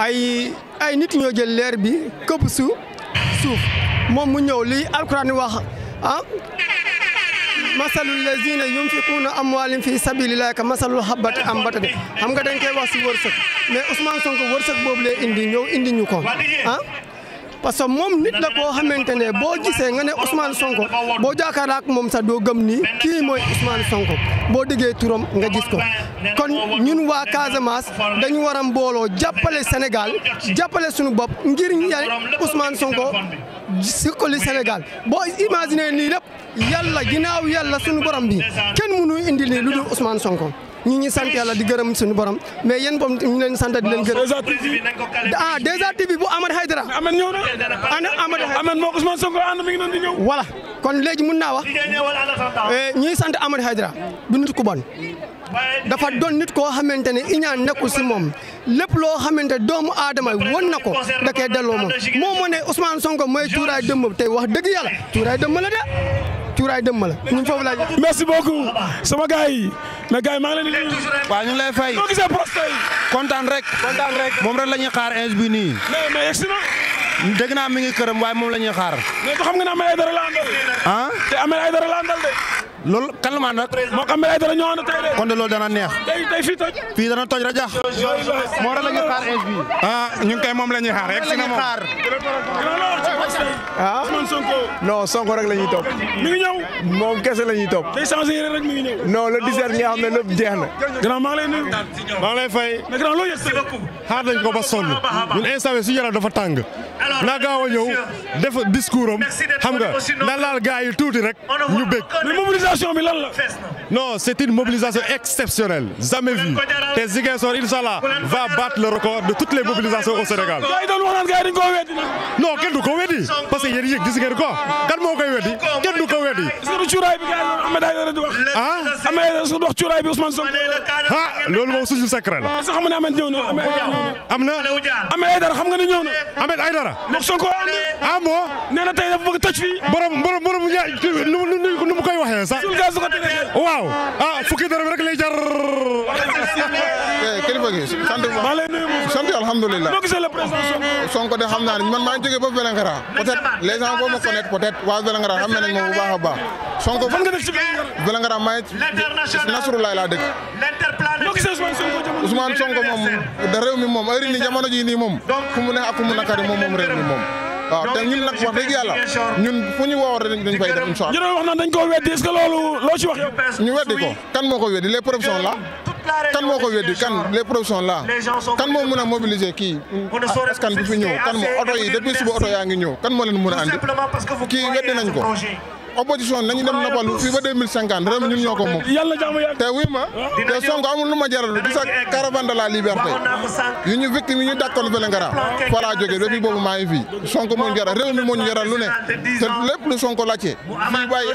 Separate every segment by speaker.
Speaker 1: ay ay nit ñoo jël leer bi këpp suuf moom mu ñëw li alquran wax ah masalul lazina yunfiquuna amwaalim fi sabilillahi ka masalul habati am bata de xam nga dañ koy wax si wërsëg mais Ousmane Sonko wërsëg boobu lee indi ñëw indi ñu ko ah. parce que moom nit la koo xamante ne boo gisee nga ne Ousmane Sonko boo jaakaar ak moom sax doo gëm ni kii mooy Ousmane Sonko boo déggee turam nga gis ko kon ñun waa Casamance dañu war a mbooloo jàppale Sénégal jàppale suñu bopp ngir ñay Ousmane Sonko sikkali Sénégal boo imaginer nii lépp yàlla ginnaaw yàlla suñu indi lu dul Ousmane Sonko ñu ngi sant yàlla di gërëm suñu borom mais yéen boobu ñu leen sant di leen gërëm. ah déjà TV bu Ahmed Aïdara. Ahmed ñëw na ana Ahmed Ahmed moo Ousmane Sonko ànd mi ngi doon di ñëw. voilà kon léegi mun naa wax eh, ñuy sant Ahmed Aïdara du nit ku bon. dafa doon nit koo xamante ne iñaan nekkul si moom lépp loo xamante doomu aadama won na ko da koy delloo moom moo moo ne Ousmane Sonko mooy tuuraay dëmm tey wax dëgg yàlla tuuraay dëmm la de. cuuraay dëmm la ñun foofu la merci beaucoup sama gars yi
Speaker 2: mais gars yi maa ngi leen di nuyu waaw ñu ngi lay fay noo gisee poste kontaan rek moom rek la xaar ins nii mais naa mi ngi waaye moom la ñuy xaar mais xam nga ne Ahmed Aïdara la àndal ah te Ahmed Aïdara la àndal de loolu kan la ma ànd moo xam ne ay dara ñoo ànd tey de. kon neex. tey tey fii toj. fii dana toj rajax. moo tax la ñuy ah, ñu ngi koy moom la ñuy xaar rek. si na moom ah non Sonko rek lañuy ñuy topp. mi ngi ñëw. moom kese la ñuy topp. day changé yére rek mi jeex na. grand maa maa ngi lay fay. mais grand loo yëg ko ba sonn ñun instant bi si yaram dafa tàng. na gaaw a ñëw def discours am xam na laal gars tuuti rek ñu bég mobilisation bi lan la. non c' est une mobilisation exceptionnelle jamais vue te Ziguinchor incha allah va battre le record de toutes les mobilisations au Sénégal. gars yi doon wax naan gars yi dañu koo weddi nag. non kenn du ko weddi parce que yéen yëg gis ngeen ko kan moo koy weddi kenn du ko weddi. est ce que du cuuraay bi gars yi Ahmed Aïdara di wax. ah Ahmed Aïdara su dox cuuraay bi Ousmane Sonko. ah loolu moom suñu secret la. parce que xam nga ne Ahmed ñëw na am na. Ahmed Aïdara xam nga ne ñëw na. Ahmed Aïdara. moom Sonko ànd. ah bon nee na tey dafa bëgg tëj fii.
Speaker 3: borom borom borom nu mu koy waxee sax waaw ah fukki dërëm rek lay jar. kilifa gi sant bu baax sant alhamdulilah. Sonko de xam naa ne man maa ngi jógee ba Vélingara peut-être les gens boo ma connaître peut-être waa Vélingara xam nañ ma bu baax a baax. Sonko fan nga nekk si Vélingara maa ngi Nasroulaye laa dëkk. Ousmane Sonko moom da réew mi moom heure ni jamono ji nii moom fu mu ne ak fu mu nakari moom moom réew mi moom. waaw te ñun nag wax dëgg yàlla ñun fu ñu woo dañ fay def incha allah. wax naan dañ koo weddi est loolu loo ci wax ñu weddi ko kan moo ko weddi les preuves sont kan moo ko weddi kan les preuves sont kan moo mën a mobiliser kii askan bi fi ñëw kan moo oto yi depuis suba oto yaa ngi ñëw kan moo leen mën a andi kii weddi nañ ko. opposition nañu dem noppalu fii ba deux mille cinquante réew ñun ñoo ko moom te wuy ma ah. te Sonko amul lu ma jaralu di sa caravane de la liberté yu ñu victime yi ñu dàkkoon Vélingara fa laa boobu maa ngi Sonko moo jaral réew mi jaral lu ne te lépp Sonko laajte fii bàyyi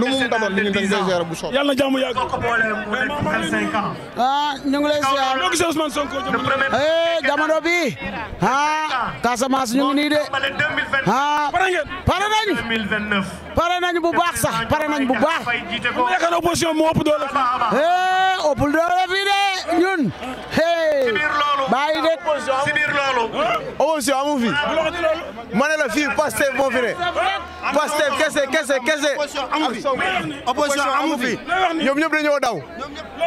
Speaker 3: lu mu daboon li ah, ñu dañ koy bu soob yàlla na jàmm
Speaker 2: yàgg ah bi
Speaker 1: ah
Speaker 2: Casamance ñu ngi de ah pare nañ bu baax sax pare nañ bu baax. bu nekkoon opposition moo ëpp doole fii. ëpp doole fii de ñun. bàyyi de si biir amu fi. ma ne la fii Pastef moo fi ne. Pastef kese kese kese. opposition amu fi ñoom ñëpp dañoo daw.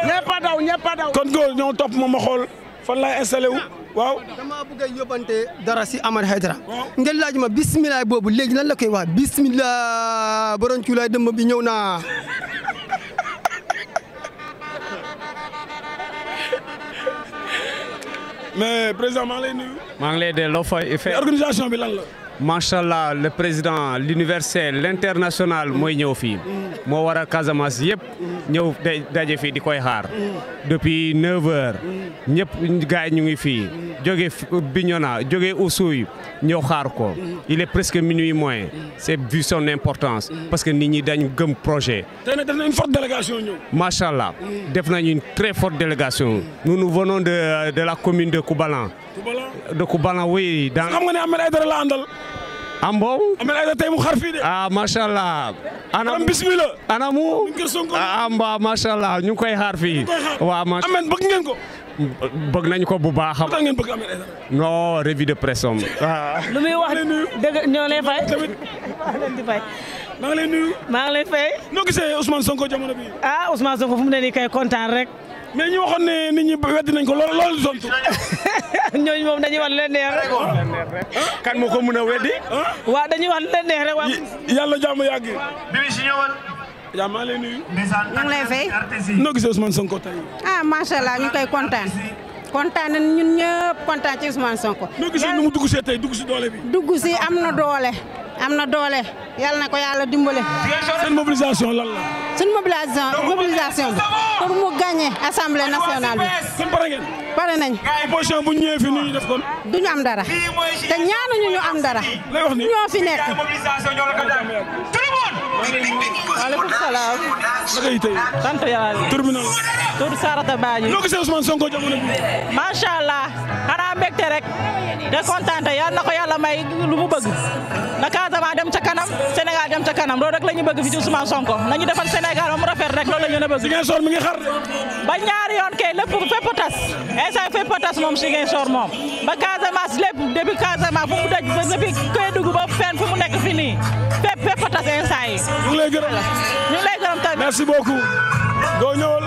Speaker 1: ñëpp a daw ñëpp a daw. kon ko ñoo top ma ma xool fan laay installé wu. waaw dama bëgg a yóbbante dara si Amar Haidara ngeen laaj ma bisimilah boobu léegi lan la koy wax bisimilah borom cuulaay dëmb bi ñëw naa mais président
Speaker 2: maa ngi lay nuyu. maa ngi lay delloo fay. organisation bi lan la. macha allah le président l'universel l'international mooy ñëw fii moo waral Casamance yëpp ñëw daje fii di koy xaar depuis 9 heures ñëpp gaay ñu ngi fii jóge Bignona jóge Oussouye ñëw xaar ko il est presque minuit moins c'est vu son importance parce que nit ñi dañu gëm projet. tey def nañu macha allah def nañu très fort délégation. nous nous venons de la commune de Koubalan. Koubalan de Koubalan oui. dans xam nga ne Ahmed la àndal. am boobu. am na tey mu xar fii de. ah macha allah. anam bismillah. anamu. Ah, am ba macha allah koy xaar fii. waaw macha allah bëgg ngeen ko. bëgg nañ ko bu baax. xam ngeen bëgg Ahmed Aidara. non revue de presse am. Ah. muy wax dëgg ñoo lay fay. maa leen di fay. maa ngi lay nuyu. maa ngi lay fay. ah Ousmane Sonko fu mu ne kay kontaan rek. mais ñu waxoon ne nit ñi weddi nañ ko lool loolu tontu. ñooñu moom dañuy wax lu kan moo ko mën a weddi. waaw dañuy wax lu leen neex rek waaw. yàlla jàmm yàgg. bi bi si ñëwal. yaa maa lay nuyu. ñu noo gisee Ousmane Sonko tey. ah macha allah ñu koy kontaan. kontaan nañ ñun ñëpp kontaan ci Ousmane Sonko. noo gisee nu mu dugg see tey dugg si doole bi. dugg si am na doole. am na doole yal na ko yàlla dimbale. seen mobilisation lan la. suñ mobilisation mobilisation bi pour mu gagné assemblée nationale bi. kon pare ngeen. bu ñu ñëwee fii nu du ñu am dara. te ñaanuñu ñu am dara. ñoo fi nekk. maaleykum salaam. naka yi tey. sant yàlla. tur bi noonu. tur Sarata Badji. noo gisee Ousmane Sonko jamono bi. macha allah xanaa mbégte rek.
Speaker 4: de kontaan te yal na ko yàlla may lu mu bëgg. na Casamance dem ca kanam Sénégal
Speaker 2: dem ca kanam loolu rek la ñu bëgg fi ci Ousmane Sonko nañu defal Sénégal ba mu rek loolu la ñu la bëgg. Ziguinchor mi ngi xar. ba ñaari yoon kay lépp fépp tas instant fépp tas moom Ziguinchor moom ba Casamance lépp depuis Casamance fu mu daj ba depuis Kédougou ba fenn fu mu nekk fii nii lay gërëm. ñu ngi lay gërëm tamit. merci beaucoup. doo ñëwal.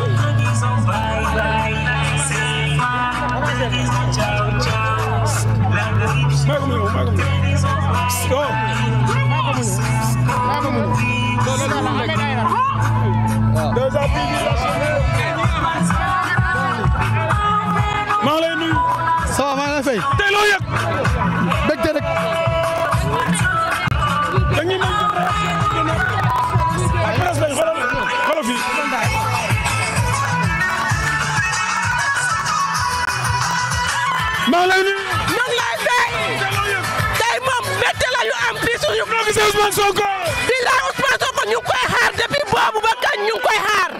Speaker 2: maa ko mu ñëw maa ko mu ñëw. oh. maa ko mu ñëw. déjà bii bii la sonné.
Speaker 1: maa lay nuyu. ça va maa ngi lay fay. tey loo yëg. bégte rek. dañuy mën moo fi
Speaker 2: maa lay nuyu. lay fay. tey moom métti la am fii suñu. ñoo gisee Ousmane ñu koy xaar depuis boobu ba kañ ñu koy xaar.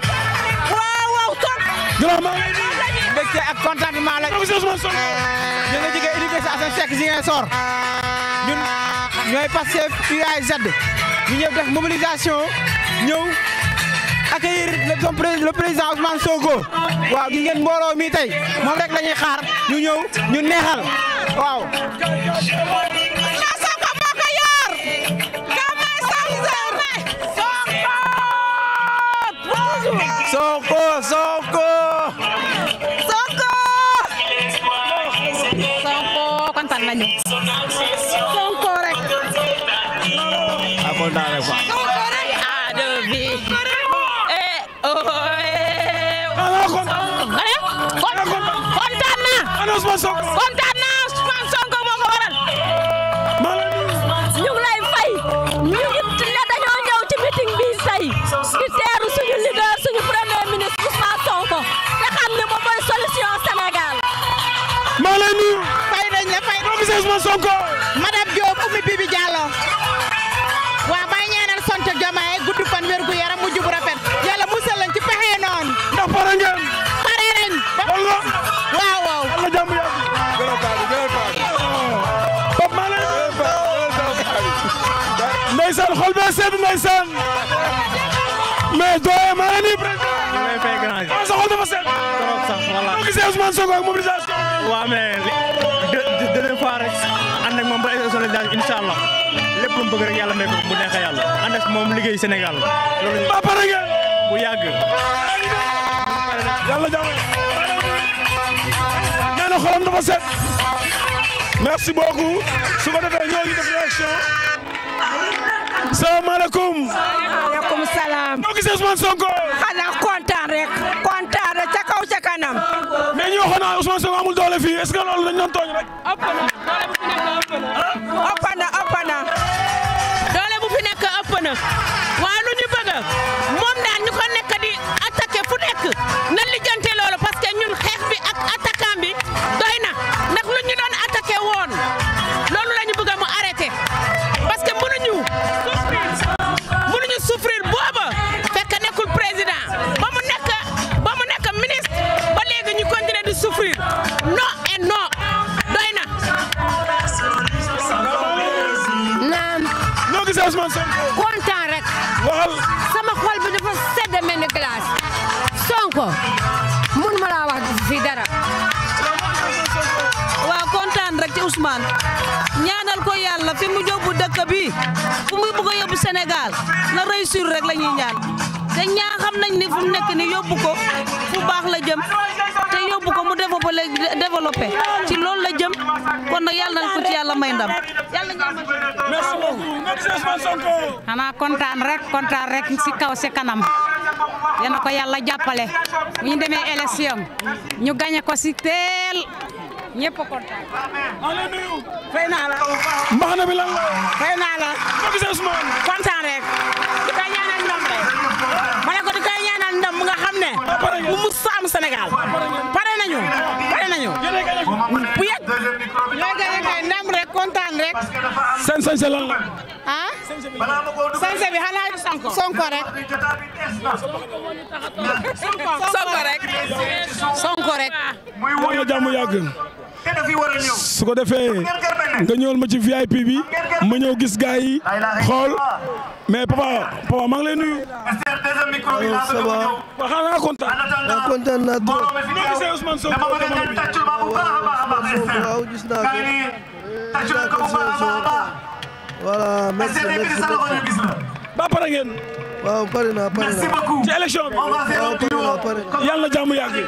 Speaker 2: waaw waaw toog. gannaaw maa ngi lay nuyu. mbégte ak contentement ñun ñooy Pastef UAZ. ñu ñëw def mobilisation ñëw. accueillir le président Ousmane Sonko waaw gi ngeen mbooloo mi tey moom rek la ñuy xaar ñu ñëw ñu neexal waaw. Sonko Sonko. Sonko. Sonko kontaan nañu. Sonko rek. Ah,
Speaker 4: Sonko rek. Ah, kontaan naa kontaan naa Sonko moo ko waral lay fay ñu ngi la dañoo ñëw ci meeting bi say di teeru suñu leader suñu premier ministre Ousmane
Speaker 1: Sonko te xam ne moom mooy solution Sénégal maa lay nuyu fay nañ la fay Ousmane Sonko madame Diop Oumy Bibi Diallo
Speaker 2: xol bee sedd ndeysaan mais doye maa ngi nii président. ñu ngi lay fay ak mobilisation. waaw mais deux deux fois ak moom ba solidarité incha allah lépp lu mu bëgg bu neexee yàlla ànd ak moom liggéey Sénégal loolu ñu. bu yàgg. yàlla jàmm. nee na xolam dafa merci beaucoup su ko defee ñoo ngi salaamaaleykum. waaleykum salaam. noo gisee Ousmane Sonko. xanaa kontaan rek. kontaan rek ca kaw ca kanam. mais ñu Sonko amul doole fii est ce loolu dañu doon tooñ rek. ëpp na doole bu fi nekk doole bu fi nekk
Speaker 4: ëpp na. waxal sama xol bi dafa sedd mel ni glace Sonko mun ma laa wax fii dara waa kontaan
Speaker 1: rek ci ñaanal ko yàlla fi mu yóbbu dëkk bi fu mu bëgg a yóbbu na réussir rek la ñaan te nañ ni fu mu nekk ni yóbbu fu baax la jëm te yóbbu ko mu defo ba léegi développé ci loolu la jëm kon nag yàlla nañ ko ci yàlla may ndam
Speaker 4: yàlla
Speaker 2: xanaa kontaan rek kontaan rek si kaw si kanam
Speaker 1: yéen ko yàlla jàppale bu ñu demee
Speaker 2: élection ñu gañe ko si teel ñëpp kontaan. fay naa la. mbaxana bi lan la. fay naa la. kontaan rek. ñooy gañe kay ndam rek kontaan rek. seen sañse la. ah sañse bi xanaa sonko rek. sonko rek. sonko rek. su ko defee nga ñëwal ma ci VIP bi ma ñëw gis gars yi xool mais papa papa maa ngi lay nuyu. ça va. waaw xanaa kontaan.
Speaker 1: kontaan naa trop. ñoo gisee naa ko. gis
Speaker 2: ba pare ngeen. waaw pare bi. waaw na jàmm yàgg.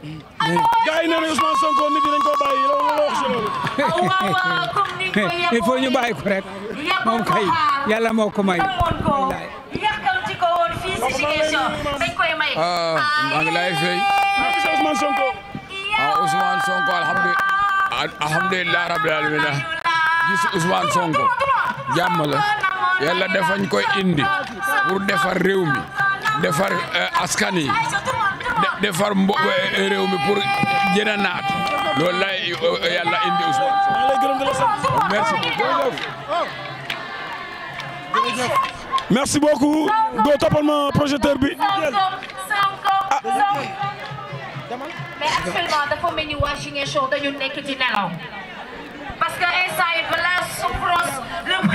Speaker 2: gars yi nee Sonko nit yi dañ ko rek moom kay yàlla moo ko may. ah maa ngi lay fay. Ousmane Sonko.
Speaker 4: ah Ousmane Sonko alhamdulilah Sonko jàmm la defañ koy indi pour defar réew defar euh, askan defar mbo eh, réew mi pour naat loolu la eh, yàlla indi Ousmane maa lay gërëm di la sant
Speaker 2: merci beaucoup merci toppal ma projecteur bi
Speaker 4: mais actuellement dafa mel ni waa Ziguinchor dañu nekk di nelaw parce que instant yi balaa souffrance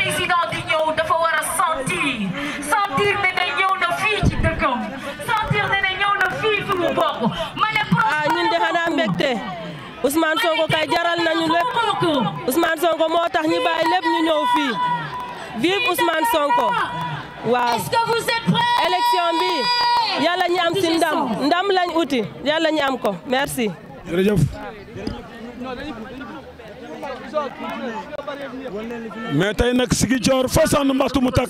Speaker 4: Ousmane Sonko kay jaral nañu lépp Ousmane Sonko moo tax ñi bàyyi lépp ñu ñëw fii vive am ko merci.
Speaker 2: jërëjëf. tey foo sànni mbaxtu mu tàkk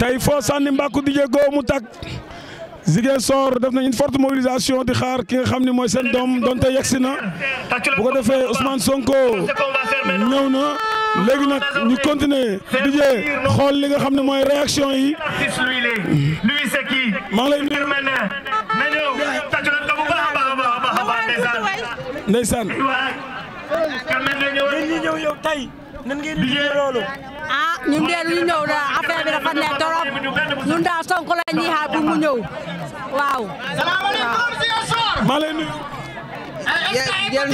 Speaker 2: tey foo sànni mbàkku mu tàkk Ziguinchor def nañ une forte mobilisation di xaar ki nga xam ne mooy seen doom donte yegsi na bu ko defee Ousmane Sonko ñëw na léegi nag ñu continuer di jee xool li nga xam ne mooy réaction yi. maa ngi lay nuyu. ndeysaan. nan ngeen di loolu. ah ñun dee ñu ñëw da a bi dafa ne torop ñun daal Sonko la ñuy xaar bu mu ñëw waaw. maa lay nuyu.
Speaker 1: jël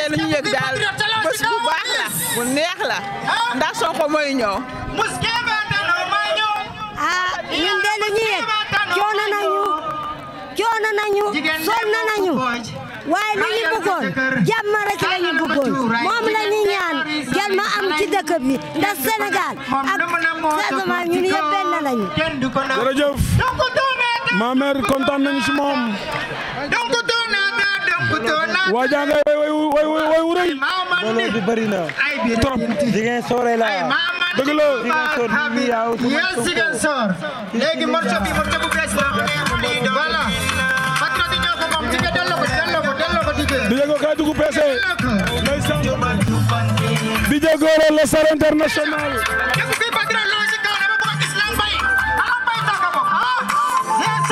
Speaker 2: ah, ñu yëg daal bés bu baax la bu neex la ndax Sonko mooy ñëw.
Speaker 1: ah ñun de ñu yëg coono nañu coono nañu sonn nañu waaye li ñu bëggoon jàmm rek la ñu bëggoon moom la ñu ñaan.
Speaker 2: ma am ci dëkk bi ndax Sénégal ak
Speaker 1: Casamance ñun yëpp benn
Speaker 2: lañu. jërëjëf ma mère kontaan nañu si moom. waa jànga way way way wu rëy. looloo bi bëri na trop. jigéen soore la dëgg la jigéen soor bi yaaw jigéen soor
Speaker 1: léegi morso bi morso bu bees la voilà patriote ñoo ko moom jigéen delloo ko delloo ko delloo ko
Speaker 2: jigéen. di yëngu kay dugg peese. DJ Gora le international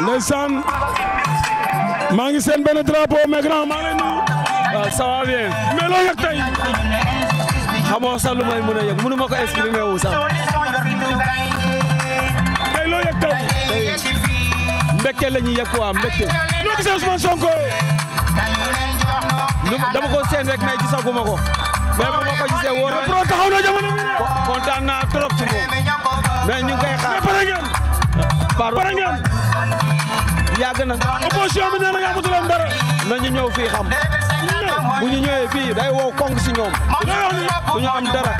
Speaker 2: ndeysaan maa ngi seen benn drapeau mais grand maa bien mais loo tey xamoo lu may mën a yëg mënu ma ko exprimer wu tey loo yëg tey mbégte la ñuy yëg quoi mbégte loo gisee dama ko seen rek mais gisaguma ko mais bu ma ko gisee wóor na Pro taxaw na jamono bi kontaan naa trop ci moom mais ñu ngi koy xaar pare ngeen pare ngeen yàgg na opposition bi nee na nga amatul woon dara na ñu ñëw fii xam bu ñu ñëwee fii day wow konk si
Speaker 3: ñoom
Speaker 1: du ñu am dara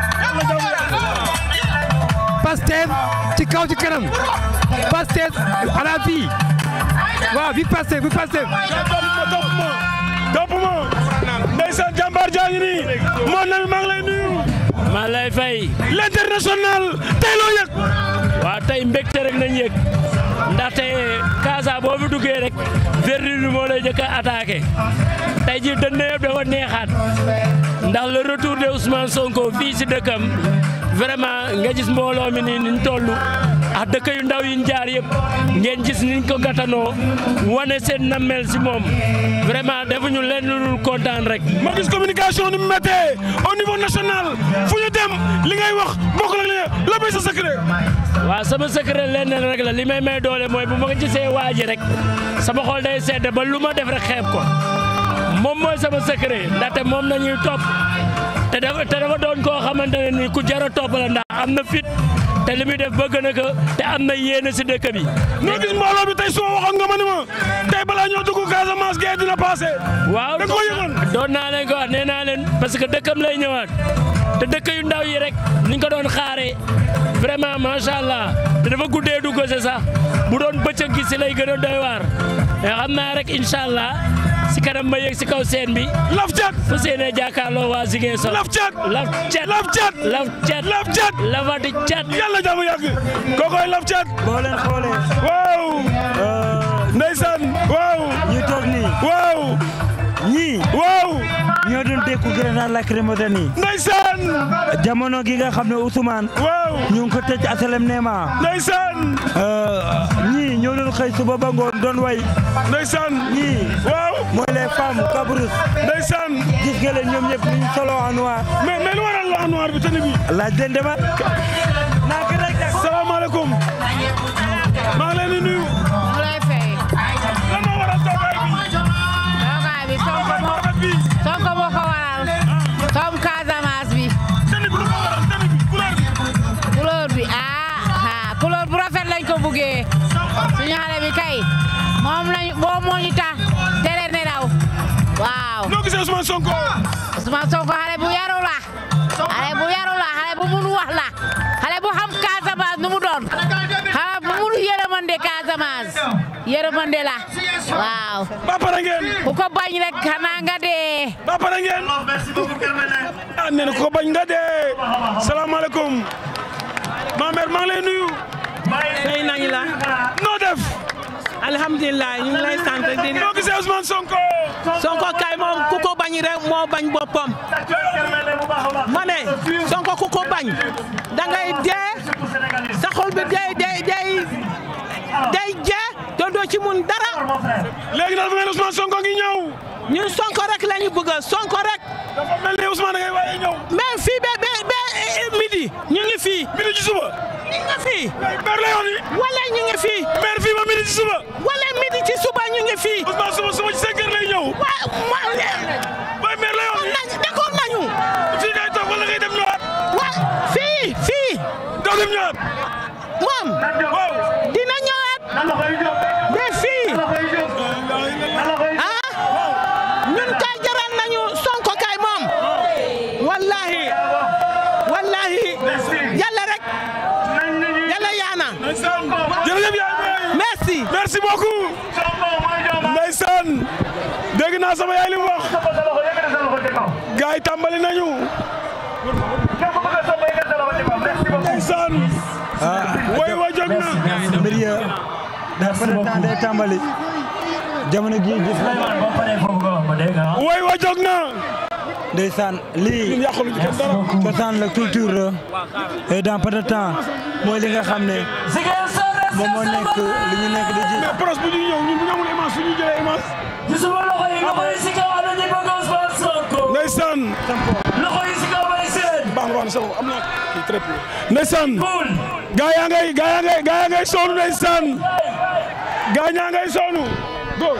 Speaker 1: Pastef ci kaw ci kanam Pastef ala fii waaw bi Pastef bi Pastef
Speaker 2: topp ma jàmbaar jaa na maa ngi lay nuyu. maa lay fay. l'international tey loo yëg. waaw tey mbégte
Speaker 4: rek nañ yëg ndaxte Casa boo fi duggee rek verdure moo lay njëkk a attaqué tey jii dënn yëpp dafa neexaat ndax le retour de Ousmane Sonko fii si dëkkam vraiment nga gis mbooloo mi nii ni ñu ak dëkk yu ndaw yi jaar yëpp ngeen gis niñ ko gàttanoo wane seen nammeel si moom
Speaker 2: vraiment defuñu leen lu dul kontaan rek. ma gis communication ni mu au niveau national fu ñu dem li ngay wax bokk la la may sa secret. waaw sama secret
Speaker 4: lenn rek la li may may doole mooy bu ma ko gisee waa ji rek sama xool day sedd ba lu ma def rek xeeb ko moom mooy sama secret ndaxte moom la ñuy topp te dafa doon koo xamante ni ku jar topp la ndax am na fit. te li muy def bëgg na ko te am na yéene si dëkk bi. noo gis mbooloo bi tey suma waxoon nga ma ni ma tey balaa ñoo dugg Casamance gee waaw da ko yëgoon doon naa leen ko wax nee naa leen parce que dëkkam lay ñëwaat te dëkk yu ndaw yi rek ni ko doon xaare vraiment macha allah te dafa guddee dugg si sax bu doon bëccëg gi si lay gën a doy waar mais eh, xam naa rek incha si kanam ma yéeg si kaw seen bi. laf cat fu seenee jàkkaarloo waa Ziguinne Sor. laf cat laf cat laf cat laf cat laf cat lafati cat. yàlla jàmm yàgg kookoy laf cat.
Speaker 2: boo leen xoolee. waaw. Euh, ndeysaan toog nii waaw. ñii waaw ñoo doon dékku grenade lacrymogène yi ndeysaan jamono gi nga xam ne Ousmane waaw ñu ngi ko tëj neema ndeysaan euh, ñii ñoo doon xëy suba ba ngoon doon way ndeysaan ñii waaw mooy les femmes Kabrousse ndeysaan gis ñoom ñëpp ñu solo en noir waral la en noir bi bi laaj leen dema naa gën a salaamaaleykum Ousmane Sonko. Ousmane Sonko xale bu yaru la.
Speaker 4: xale bu yaru la xale doon. xale bu mun yërëmande Casamance. la waaw.
Speaker 2: ba pare ngeen. ko bañ rek xanaa nga dee. ba ah, ko bañ nga dee. salaamaaleykum. ma mère nuyu. tey nañ la. noo def. alhamdulilah lay sant di. kay moom ku bañ réew moo bañ boppam ma ne Sonko ku ko bañ da dee
Speaker 1: sa xol bi day day day day
Speaker 2: jee te mun dara. léegi daal dafa mel ni Sonko ngi ñëw. ñun Sonko rek la ñu Sonko rek. dafa da ngay waaye ñëw. mais fii ba ba ba midi ñu ngi fii. midi ci suba. ñu ngi fii. maire la yoon fii. maire fii ba midi ci suba. wala fii. lay ñëw. waaw waaw booy meer lay wax. nañ d'accord nañu. fii ngay toog wala ngay dem ñëwaat. waaw fii fii. doo dem ñëwaat. moom. naa sama yaay li mu wax gars yi tàmbali wa jóg na. mbir lii cosaan la culture la et dans mooy li nga xam ne moom nekk li ñu nekk di ji. mais presse bu ñuy ñëw ñun bu ñu amul image su ñu jëlee image. ci suma loxo si kaw na baax na sama am naa kii très peu. ndeysaan. kuul. gaa yaa gaa yaa ngay gaa yaa gaa ñaa ngay go.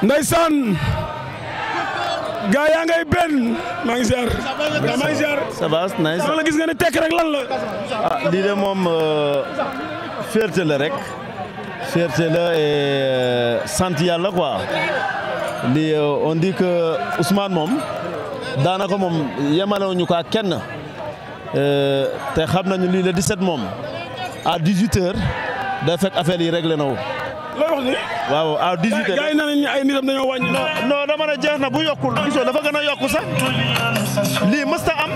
Speaker 2: ndeysaan gaa yaa ngay benn maa ngi ziar maa ngi la gis nga ne tekk rek lan la ah lii de moom euh, fierté la rek fierté la et euh, sant yàlla quoi lii euh, on dit que moom daanaka moom yemalewuñu ko ak kenn te xam nañu lii di set moom à 18 heures day fekk yi regle na wu looy wax ni waaw à 18 ah, gars yi nee nañu ay nitam dañoo wàññi. non non dama ne jeex na bu yokkul gisoo dafa gën a yokku sa lii masta am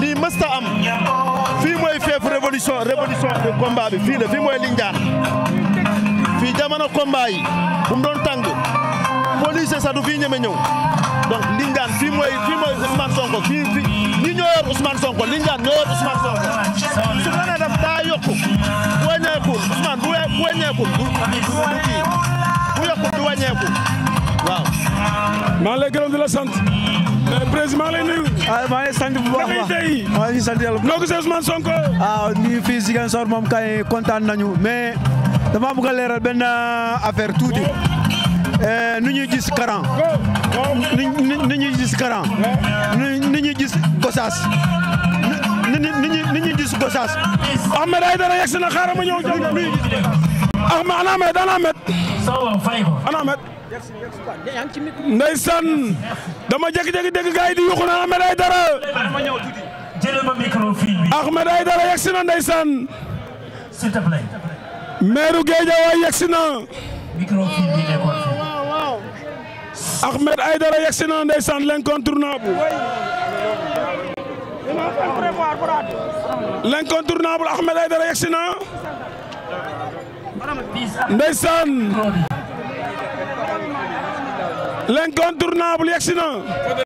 Speaker 2: lii mës ta am fii mooy feefu révolution révolution bi combat bi fii la fii mooy Lindiane fii jamono combat yi bu mu doon tàng police ñeme ñëw donc Lindiane fii mooy fii mooy Ousmane Sonko fii fii ñi Sonko Lindiane ñoo yor Sonko su ko daf daa yokku. wàññeeku du kii bu yokku la sant. président maa ngi lay nuyu. Ah, sant bu baax a baax maa ngi sant yàlla. noo gisee Ousmane Sonko. ah nii fii Ziguinchor moom kay kontaan nañu mais dama bëgg a leeral benn euh, affaire tuuti. Eh, nu gis Karan. ni ñuy gis Karan. ni ñuy gis Gossas. ni ñuy ni ñuy gis Gossas. Ahmed Aïdara yegg si na xaaral Ahmed ana Ahmed ana Ahmed. ana Ahmed. ndeysaan dama jékki-jékki na Ahmed Aïdara. Ahmed Aïdara na ndeysaan. s'il te plaît. meeru Guédiawaye Ahmed Aïdara yegsi na na. ndeysaan l'incontournable yegsi na